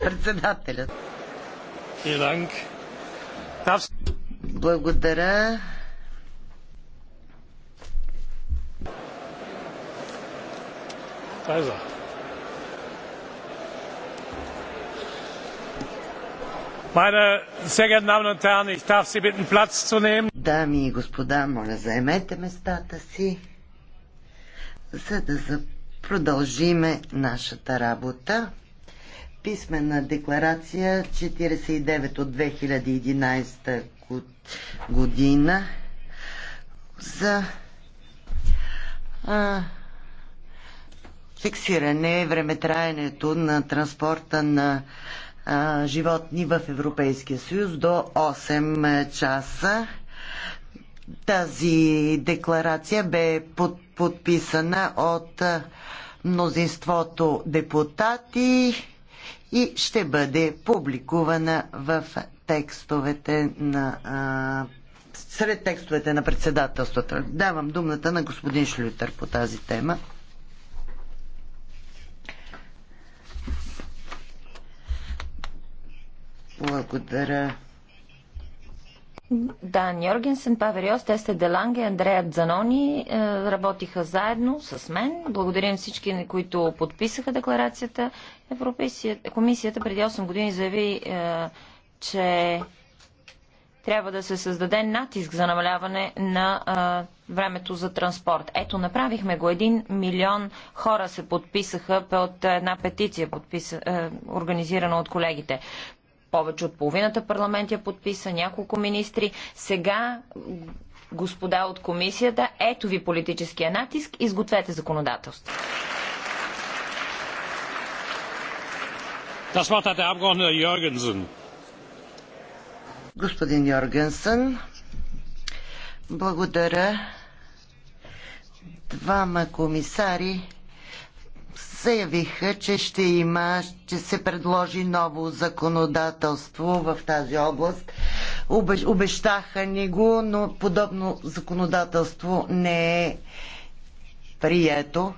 Председателят. Благодаря. Дами и господа, моля, заемете местата си, за да продължиме нашата работа писмена декларация 49 от 2011 година за а, фиксиране времетраенето на транспорта на а, животни в Европейския съюз до 8 часа. Тази декларация бе под, подписана от мнозинството депутати, и ще бъде публикувана в текстовете на а, сред текстовете на председателството. Давам думата на господин Шлютер по тази тема. Благодаря. Дан Йоргенсен, Павел Йост, Тесте Деланге, Андрея Дзанони е, работиха заедно с мен. Благодарим всички, които подписаха декларацията. комисията преди 8 години заяви, е, че трябва да се създаде натиск за намаляване на е, времето за транспорт. Ето, направихме го. Един милион хора се подписаха от една петиция, организирана от колегите. Повече от половината парламент я подписа, няколко министри. Сега, господа от комисията, ето ви политическия натиск, изгответе законодателство. Господин Йоргенсен, благодаря. Двама комисари се явиха, че ще има, ще се предложи ново законодателство в тази област. Обещаха ни го, но подобно законодателство не е прието.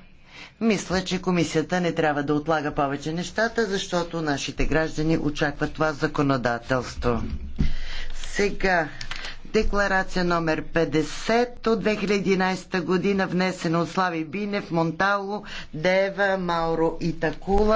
Мисля, че комисията не трябва да отлага повече нещата, защото нашите граждани очакват това законодателство. Сега Декларация номер 50 от 2011 година, внесена от Слави Бинев, Монтало, Дева, Мауро и Такула.